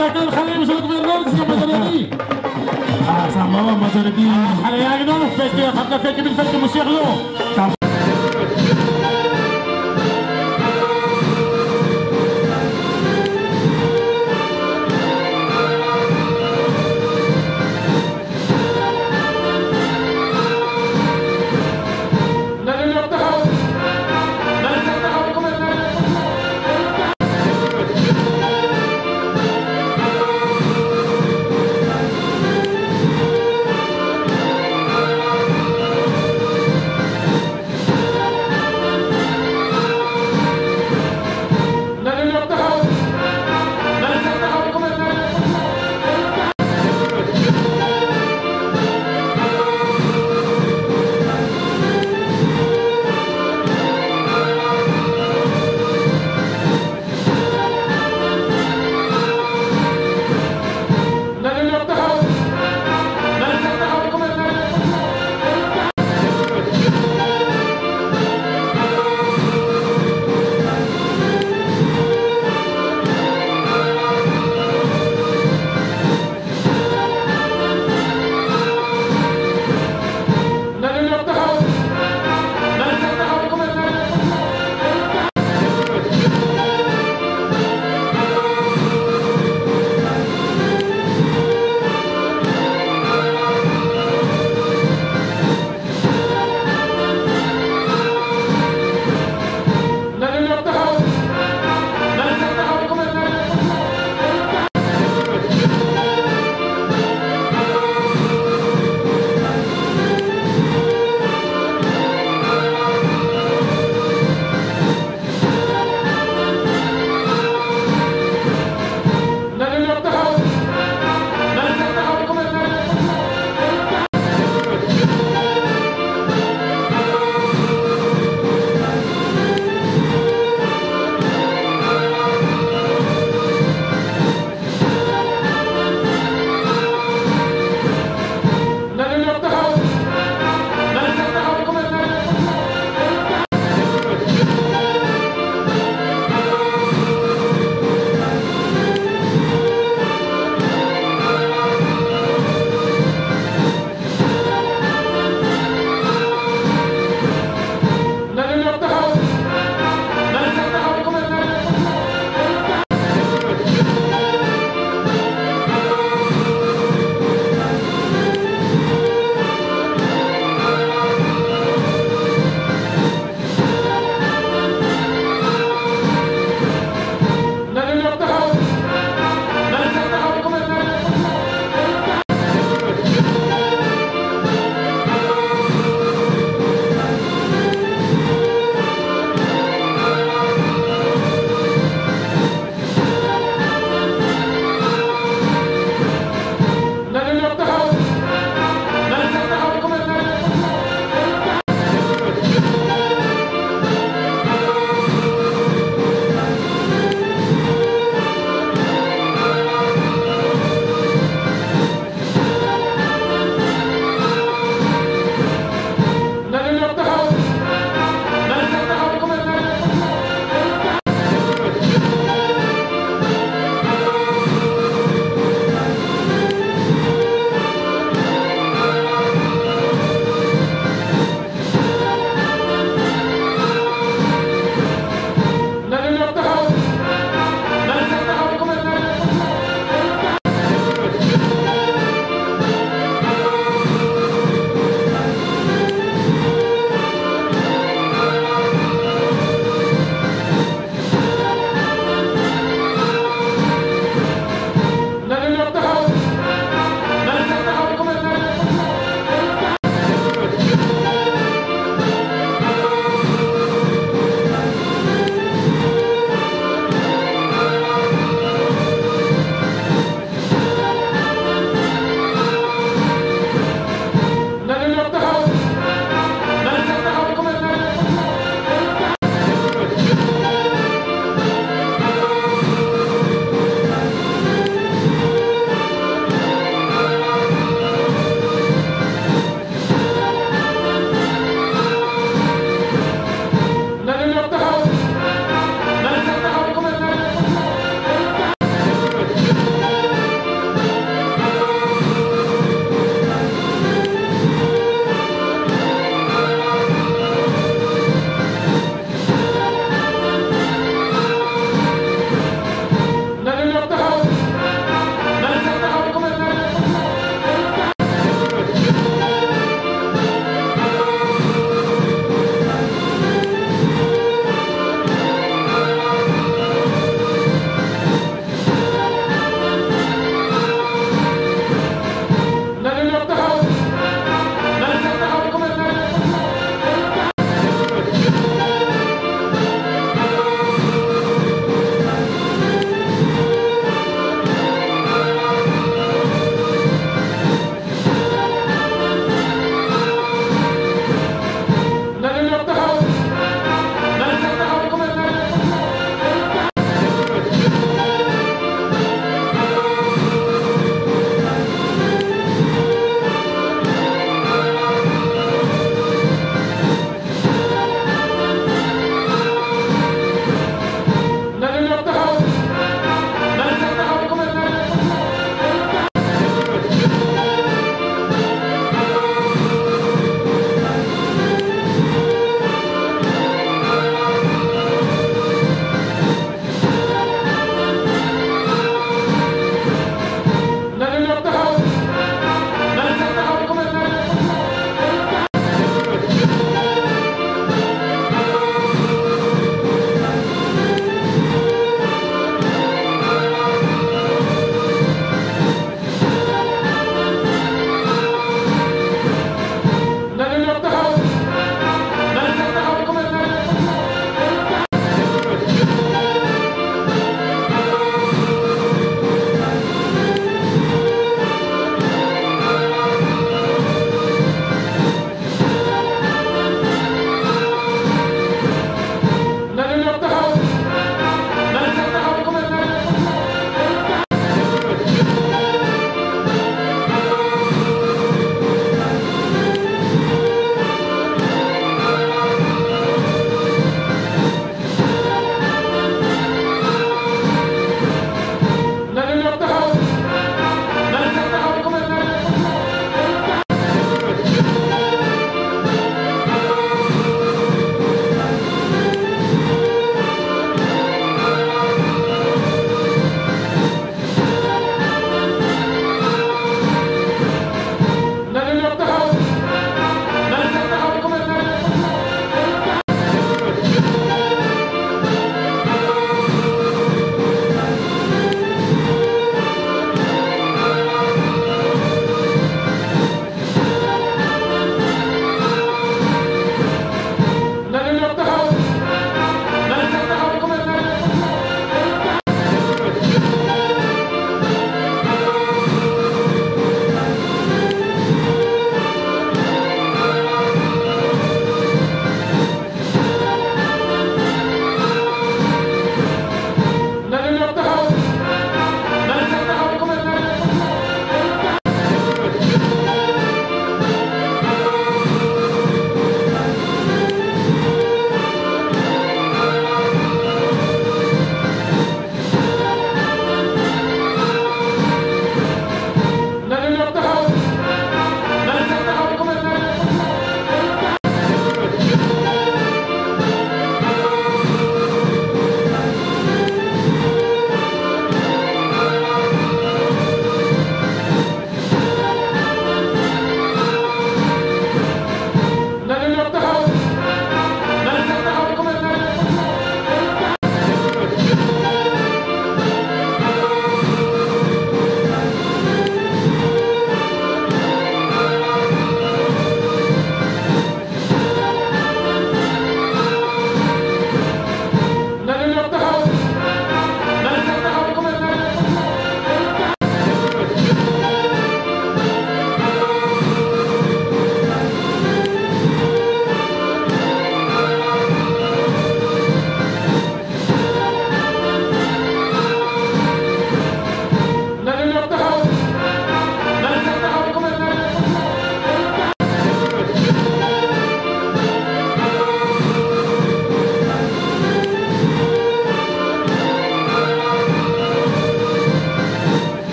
fekkal xale bi sama gouverneur gis nga majore bi ah sama maman majore bi xale yaa ngi noonu fekk xam nga fekk bi fekk mu Cheikh Lo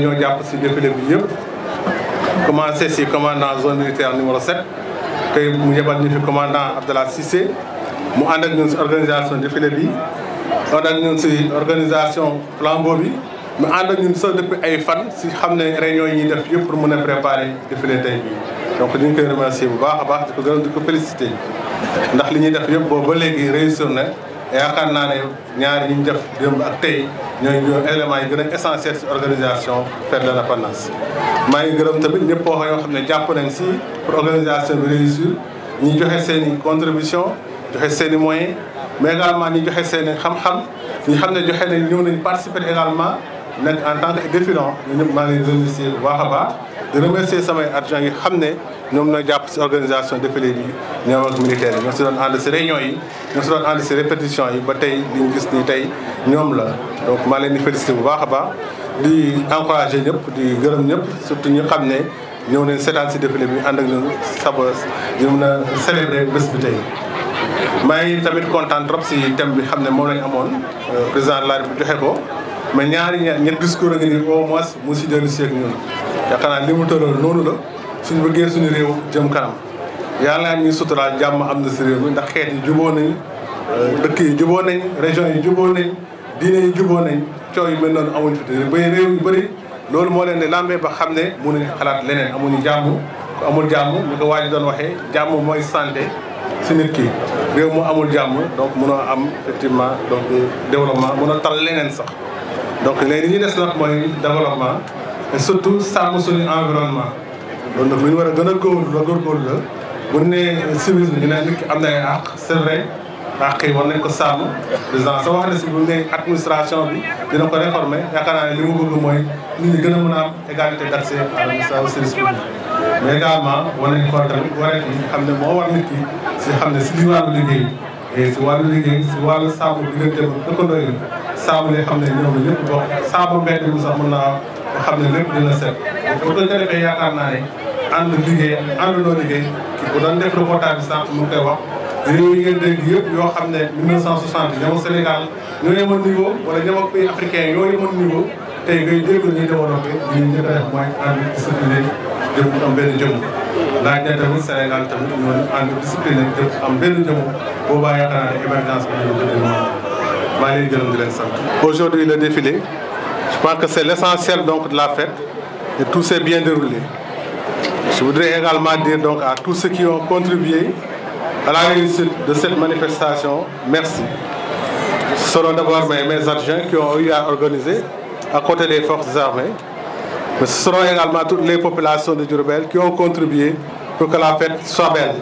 ñoo jàpp si défilé bi yëpp commencé si commandant zone militaire numéro 7 tey mu yebal ñu fi commandant Abdallah Cissé mu ànd ak ñun si organisation défilé bi ànd ak ñun si organisation flambeau bi mu ànd ak ñun sax depuis ay fan si xam ne réunion yi ñuy def yëpp pour mun a préparer défilé tey bi donc ñu ngi koy remercier bu baax a baax di ko ko félicité ndax li ñuy def yëpp boobu ba léegi réussir na yaakaar naa ne ñaari ñu def démb ak tey ñooñu ñoo éléments yi gën a essentiel ci organisation fête de l'indépendance maa ne jàpp nañ si pour organisation bi réussir ñi joxe seen i contribution joxe seen i moyens mais également ñi joxe seen i xam-xam ñi xam ne joxe nañ ñëw nañ participer également nekk en tant que défilant ñu ñëpp maa ngi baax a baax di remercier samay adjoint yi xam ne ñoom ñoo jàpp si organisation défilé bi ñoom ak militaire yi ñoo si doon ànd si réunion yi ñoo si doon yi ba tey li ñu gis ni tey ñoom la donc maa leen di félicité bu baax a baax di encouragé ñëpp di gërëm ñëpp surtout ñu xam ne ñëw nañ seetaan si défilé bi ànd ak ñun sabo ñu mën a célébrer bés bi tey maa ngi tamit kontaan trop si thème bi xam ne moom lañu amoon euh, président de la joxe ko mais ñaari ñaar ñett discours a ngi ni au moins mu si dellu si ak ñun yaakaar naa li mu tëral noonu la suñu bëggee suñu réew jëm kanam yaa ñuy suturaal jàmm am na si réew mi ndax xeet yi juboo nañ euh, dëkk yi juboo nañ région yi juboo nañ diine yi juboo nañ coow yu mel noonu amuñ fi te bay bëri loolu moo leen ne làmbee ba xam ne mënuñ xalaat leneen amuñu jàmm ku amul jàmm ni ko waa ji doon waxee jàmm mooy santé si nit réew mu amul jàmm donc mënoo am effectivement donc développement mënoo tal leneen sax donc léegi li ñuy des mooy développement et surtout sàmm suñu environnement loolu nag lu ñu war a gën a góorlu la góorgóorlu la bu nee civisme ñu ne nit na ay àq c'est vrai àq yi war nañ ko sàmm président sa wax ne si bu ne administration bi dina ko réformer yaakaar naa ne li mu bëgg mooy nit ñi gën a mën a am égalité d'accès à l'administration service mais également war nañ kontaan wareet yi xam ne moo war nit ki si xam ne si li wàllu liggéey si wàllu liggéey si wàllu sàmm diggante ba dëkkandoo yi sàmm li xam ne ñoom la ñëpp bokk sàmm mbedd mi o xam ne lépp dina set bu ko defee yaakaar naa ne ànd liggéey àndandoo liggéey bu doon def reportage bi sànq mu ngi koy wax réew yi yëpp yoo xam ne 1960 ñoom Sénégal ñoo yemoon niveau wala ñoom ak pays africain ñoo yemoon niveau tey ngay dégg ñuy développé li ñu a def mooy ànd discipliné jëm am benn jëmm laaj yaakaar naa ne émergence bi dina gën a maa ngi leen gërëm di leen sant aujourd'hui le défilé Je pense que c'est l'essentiel donc de la fête et tout s'est bien déroulé. Je voudrais également dire à tous ceux qui ont contribué à la réussite de cette manifestation, merci. Ce seront d'abord mes, mes adjoints qui ont eu à organiser à côté des forces armées. Mais ce seront également toutes les populations de Diourbel qui ont contribué pour que la fête soit belle.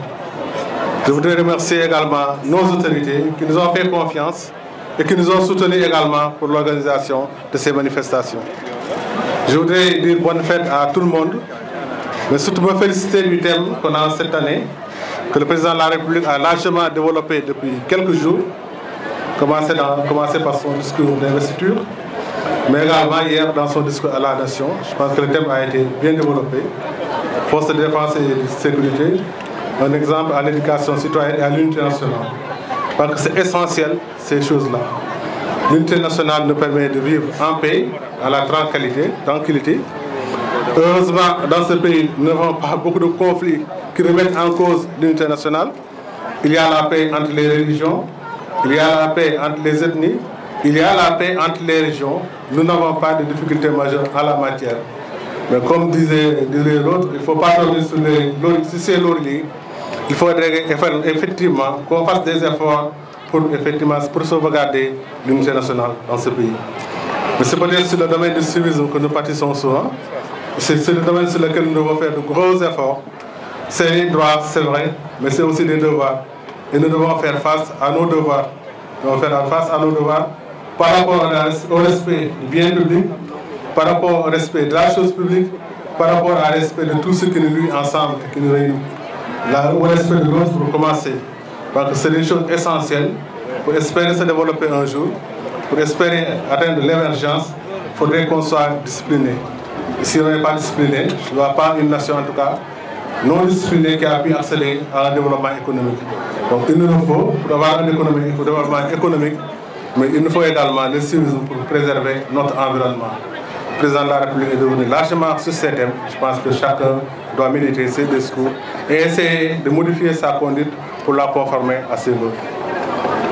Je voudrais remercier également nos autorités qui nous ont fait confiance et qui nous ont soutenus également pour l'organisation de ces manifestations. Je voudrais dire bonne fête à tout le monde, mais surtout me féliciter du thème qu'on a cette année, que le président de la République a largement développé depuis quelques jours, commencé, dans, commencé par son discours d'investiture, mais également hier dans son discours à la Nation. Je pense que le thème a été bien développé. Force de défense et de sécurité, un exemple à l'éducation citoyenne et à Parce que c'est essentiel, ces choses-là. L'unité nationale nous permet de vivre en paix, à la tranquillité, tranquillité. Heureusement, dans ce pays, nous n'avons pas beaucoup de conflits qui remettent en cause l'unité nationale. Il y a la paix entre les religions, il y a la paix entre les ethnies, il y a la paix entre les régions. Nous n'avons pas de difficultés majeures à la matière. Mais comme disait, l'autre, il faut pas dormir sur les... Si c'est l'orlier, il faudrait effectivement qu'on fasse des efforts pour, effectivement, pour sauvegarder l'unité nationale dans ce pays. Mais c'est peut-être sur le domaine du civisme que nous partissons souvent. C'est le domaine sur lequel nous devons faire de gros efforts. C'est les droits, c'est mais c'est aussi des devoirs. nous devons faire face à nos devoirs. Nous devons à nos devoirs au respect de la chose publique, par rapport au respect de tout ce qui la, ou l'espère de l'autre pour commencer. Parce que c'est des choses essentielles pour espérer se développer un jour, pour espérer atteindre l'émergence, faudrait qu'on soit si on n'est pas discipliné, nation en tout cas non disciplinée qui a pu accéder à un développement économique. il nous faut, pour avoir un développement économique, mais il nous faut également le civisme pour préserver notre environnement. président de la République est devenu largement sous-système, je pense que chacun doit méditer ses discours et essayer de modifier sa conduite pour la conformer à ses voeux.